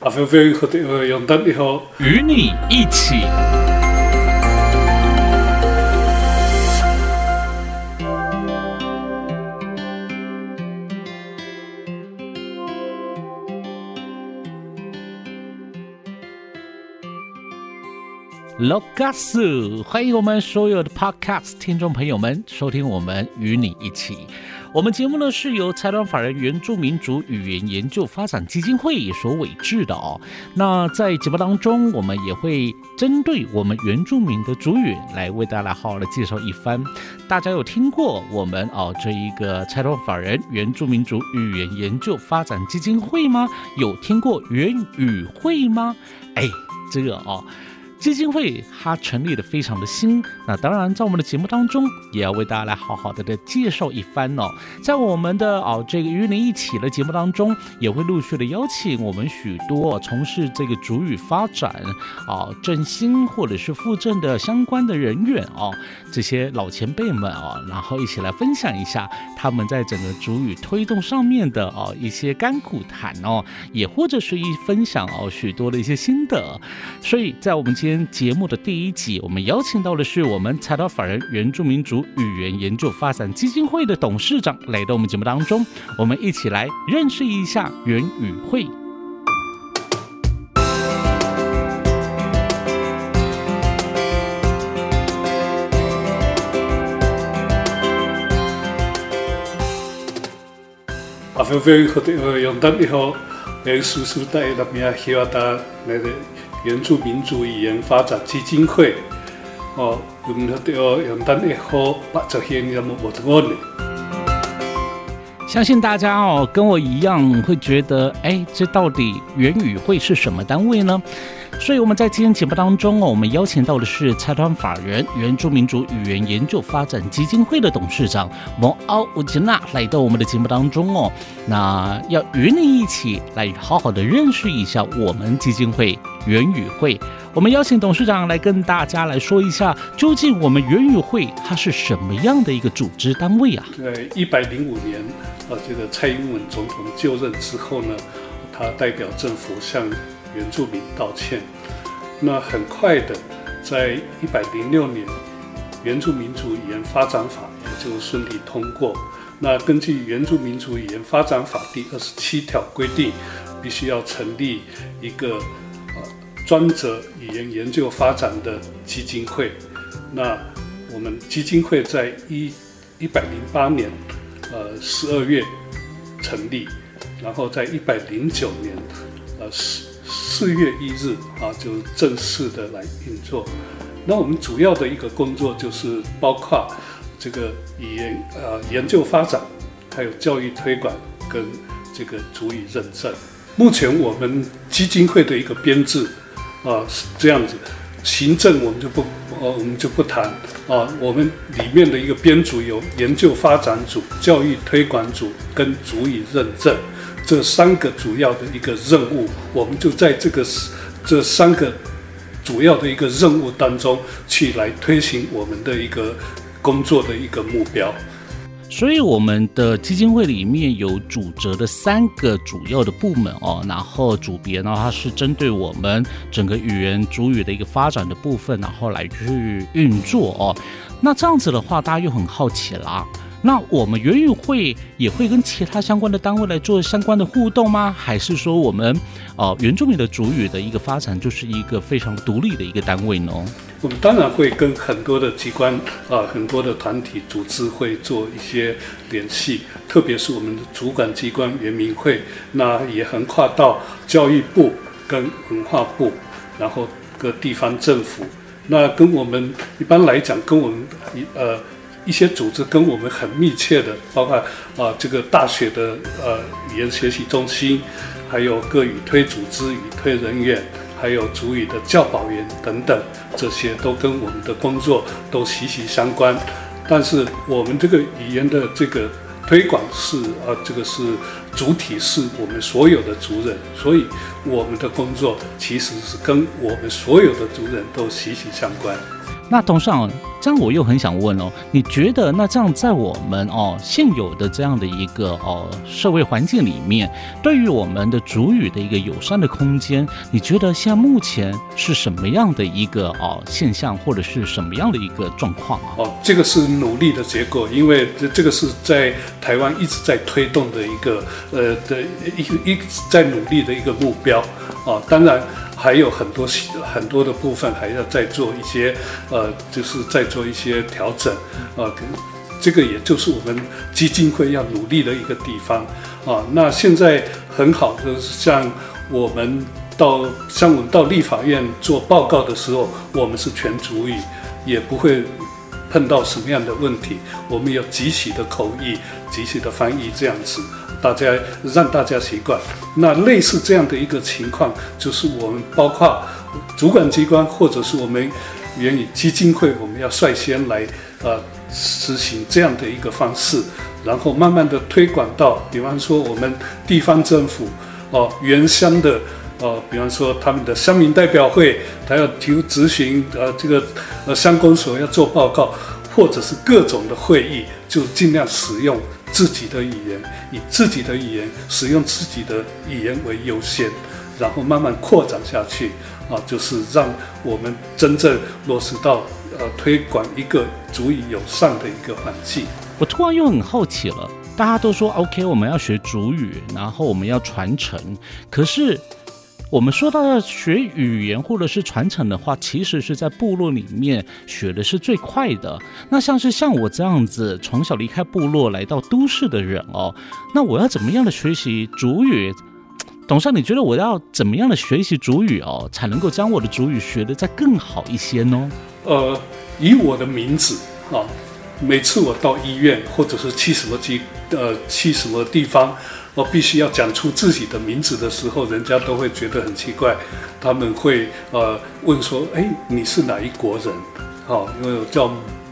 阿菲菲和這個楊丹以後，與你一起。老卡蘇，歡迎我們所有的 Podcast 聽眾朋友們收聽我們與你一起。我們節目呢是由財團法人原住民族語言研究發展基金會所委制的哦。那在節目當中，我們也會針對我們原住民的族語來為大家好好的介紹一番。大家有聽過我們哦這一個財團法人原住民族語言研究發展基金會嗎？有聽過原語會嗎？哎，這個哦。基金會它成立的非常的新，那當然在我們的節目當中，也要為大家來好好的的介紹一番哦。在我們的哦這個語你一起的節目當中，也會陸續的邀請我們許多從事這個族語發展啊、哦、振興或者是復振的相關的人員哦，這些老前輩們哦，然後一起來分享一下他們在整個族語推動上面的哦一些甘苦談哦，也或者是一分享哦許多的一些心得。所以在我們今節目的第一集，我們邀請到的是我們財團法人原住民族語言研究發展基金會的董事長來到我們節目當中，我們一起來認識一下原語會。 原住民族語言發展基金會，哦，人相信大家哦，跟我一樣會覺得，欸、這到底原語會是什麼單位呢？所以我們在今天節目當中哦，我們邀請到的是財團法人原住民族語言研究發展基金會的董事長王奧烏吉娜來到我們的節目當中哦，那要與你一起來好好的認識一下我們基金會原語會。我們邀請董事長來跟大家來說一下，究竟我們原語會它是什麼樣的一個組織單位啊？對，一百零五年，啊，這個蔡英文總統就任之後呢，他代表政府向。原住民道歉，那很快的，在一百零六年，原住民族語言發展法也就順利通過。那根據原住民族語言發展法第二十七條規定，必須要成立一個呃專責語言研究發展的基金會。那我們基金會在一一百零八年，呃十二月成立，然後在一百零九年，呃十。四月一日啊，就正式的來運作。那我們主要的一個工作就是包括這個語言啊，研究發展，還有教育推廣跟這個族語認證。目前我們基金會的一個編制啊、呃、是這樣子，行政我們就不呃我們就不談啊、呃，我們裡面的一個編組有研究發展組、教育推廣組跟族語認證。這三個主要的一個任務，我們就在這個這三個主要的一個任務當中去來推行我們的一個工作的一個目標。所以，我們的基金會裡面有主責的三個主要的部門哦，然後主編呢，它是針對我們整個語言主語的一個發展的部分，然後來去運作哦。那這樣子的話，大家又很好奇啦。那我們原語會也會跟其他相關的單位來做相關的互動嗎？還是說我們呃原住民的族語的一個發展就是一個非常獨立的一個單位呢？我們當然會跟很多的機關啊、呃，很多的團體組織會做一些聯繫，特別是我們的主管機關原民會，那也橫跨到教育部跟文化部，然後各地方政府，那跟我們一般來講跟我們呃。一些組織跟我們很密切的，包括啊、呃、這個大學的呃語言學習中心，還有各語推組織、語推人員，還有族語的教保員等等，這些都跟我們的工作都息息相關。但是我們這個語言的這個推廣是啊、呃、這個是主體是，我們所有的族人，所以我們的工作其實是跟我們所有的族人都息息相關。那董事長，這樣我又很想問哦，你覺得那這樣在我們哦現有的這樣的一個哦社會環境裡面，對於我們的族語的一個友善的空間，你覺得像目前是什麼樣的一個哦現象，或者是什麼樣的一個狀況啊？哦，這個是努力的結果，因為這個是在台灣一直在推動的一個呃的一一直在努力的一個目標哦，當然。還有很多很多的部分還要再做一些，呃，就是再做一些調整，呃，這個也就是我們基金會要努力的一個地方，啊，那現在很好的像我們到像我們到立法院做報告的時候，我們是全族語，也不會碰到什麼樣的問題，我們有即時的口譯、即時的翻譯這樣子。大家讓大家習慣，那類似這樣的一個情況，就是我們包括主管機關或者是我們原語基金會，我們要率先來呃實行這樣的一個方式，然後慢慢的推廣到，比方說我們地方政府哦、呃，原鄉的哦、呃，比方說他們的鄉民代表會，他要提出執行呃這個呃鄉公所要做報告，或者是各種的會議，就盡量使用。自己的語言，以自己的語言使用自己的語言為優先，然後慢慢擴展下去啊，就是讓我們真正落實到呃推廣一個族語友善的一個環境。我突然又很好奇了，大家都說 OK，我們要學族語，然後我們要傳承，可是。我們說到要學語言或者是傳承的話，其實是在部落裡面學的是最快的。那像是像我這樣子從小離開部落來到都市的人哦，那我要怎麼樣的學習族語？董少，你覺得我要怎麼樣的學習族語哦，才能夠將我的族語學得再更好一些呢？呃，以我的名字啊。每次我到醫院，或者是去什麼地，呃，去什麼地方，我、哦、必須要講出自己的名字的時候，人家都會覺得很奇怪，他們會呃問說：“哎、欸，你是哪一國人？”好、哦，因為我叫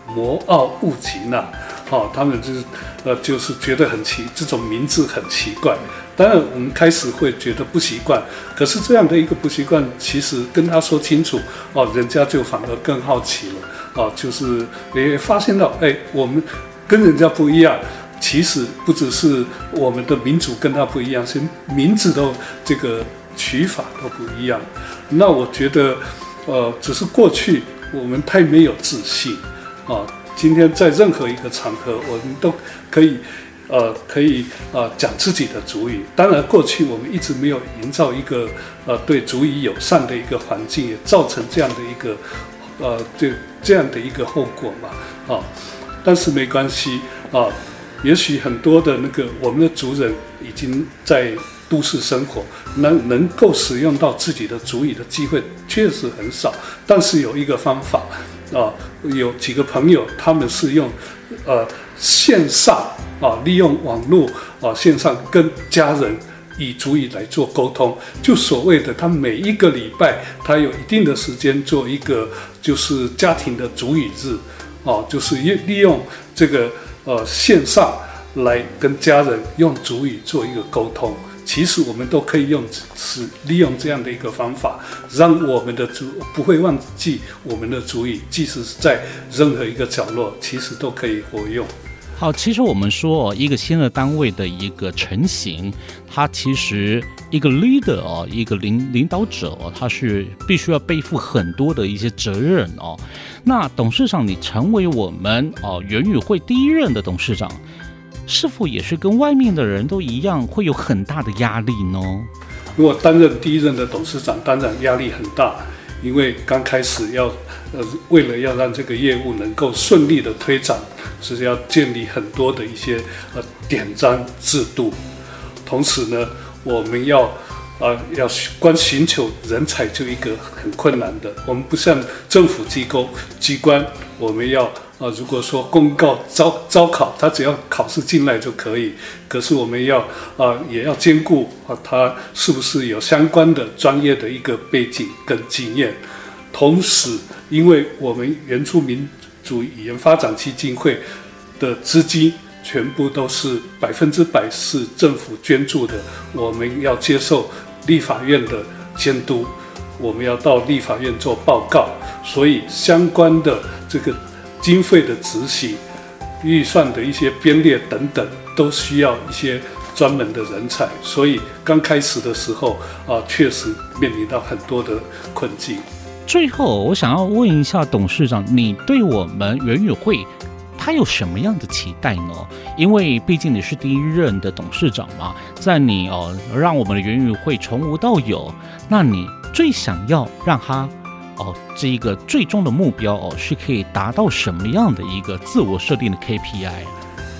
摩奧布吉娜。好、哦，他們就是呃就是覺得很奇，這種名字很奇怪。當然，我們開始會覺得不習慣，可是這樣的一個不習慣，其實跟他說清楚哦，人家就反而更好奇了。啊，就是也發現到，哎，我們跟人家不一樣。其實不只是我們的民族跟他不一樣，是名字的這個取法都不一樣。那我覺得，呃，只是過去我們太沒有自信。啊，今天在任何一個場合，我們都可以，呃，可以呃，講自己的族語。當然，過去我們一直沒有營造一個呃對族語友善的一個環境，也造成這樣的一個。呃，這這樣的一個後果嘛，啊，但是沒關係啊，也許很多的那個我們的族人已經在都市生活，能能夠使用到自己的族語的機會確實很少，但是有一個方法，啊，有幾個朋友他們是用，呃，線上啊，利用網絡啊，線上跟家人。以族語來做溝通，就所謂的他每一個禮拜，他有一定的時間做一個，就是家庭的族語日，哦，就是利利用這個呃線上來跟家人用族語做一個溝通。其實我們都可以用使利用這樣的一個方法，讓我們的族不會忘記我們的族語，即使是在任何一個角落，其實都可以活用。好，其實我們說，一個新的單位的一個成型，他其實一個 leader 哦，一個領領導者，他是必須要背負很多的一些責任哦。那董事長，你成為我們哦原語會第一任的董事長，是否也是跟外面的人都一樣，會有很大的壓力呢？如果擔任第一任的董事長，當然壓力很大。因為剛開始要，呃，為了要讓這個業務能夠順利的推展，是要建立很多的一些呃典章制度，同時呢，我們要。啊、呃，要光尋，尋求人才就一個很困難的。我們不像政府機構機關，我們要啊、呃，如果說公告招招考，他只要考試進來就可以。可是我們要啊、呃，也要兼顧啊，他是不是有相關的專業的一個背景跟經驗？同時，因為我們原住民族語言發展基金會的資金全部都是百分之百是政府捐助的，我們要接受。立法院的監督，我們要到立法院做報告，所以相關的這個經費的執行、預算的一些編列等等，都需要一些專門的人才。所以剛開始的時候啊，確實面臨到很多的困境。最後，我想要問一下董事長，你對我們原語會，他有什麼樣的期待呢？因為畢竟你是第一任的董事長嘛，在你哦讓我們的原語會從無到有，那你最想要讓他哦這一個最終的目標哦是可以達到什麼樣的一個自我設定的 KPI？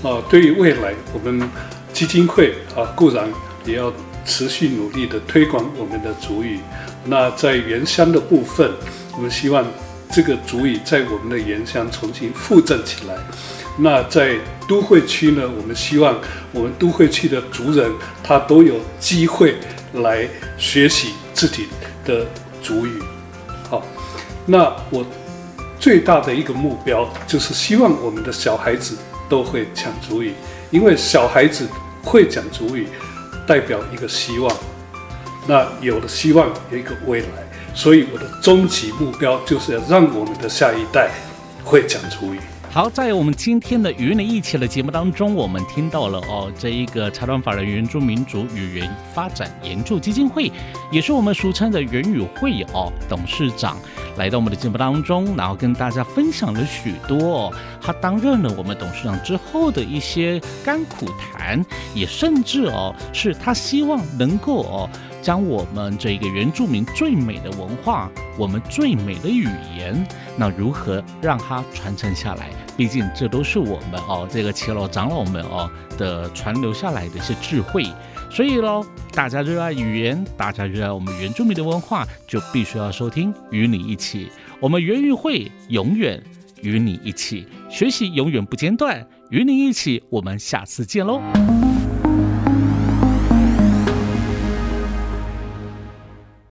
哦，對於未來我們基金會啊固然也要持續努力的推廣我們的族語，那在原鄉的部分，我們希望。這個族語在我們的原鄉重新復振起來。那在都會區呢？我們希望我們都會區的族人，他都有機會來學習自己的族語。好，那我最大的一個目標就是希望我們的小孩子都會講族語，因為小孩子會講族語，代表一個希望。那有了希望，有一個未來。所以我的終極目標就是要讓我們的下一代會講族語。好，在我們今天的《語你一起》的節目當中，我們聽到了哦，這一個財團法人原住民族語言發展研究基金會，也是我們俗稱的原語會哦，董事長來到我們的節目當中，然後跟大家分享了許多哦，他擔任了我們董事長之後的一些甘苦談，也甚至哦，是他希望能夠哦。將我們這個原住民最美的文化，我們最美的語言，那如何讓它傳承下來？畢竟這都是我們哦，這個耆老長老們哦的傳留下來的一些智慧。所以嘍，大家熱愛語言，大家熱愛我們原住民的文化，就必須要收聽與你一起。我們原語會永遠與你一起學習，永遠不間斷。與你一起，我們下次見嘍。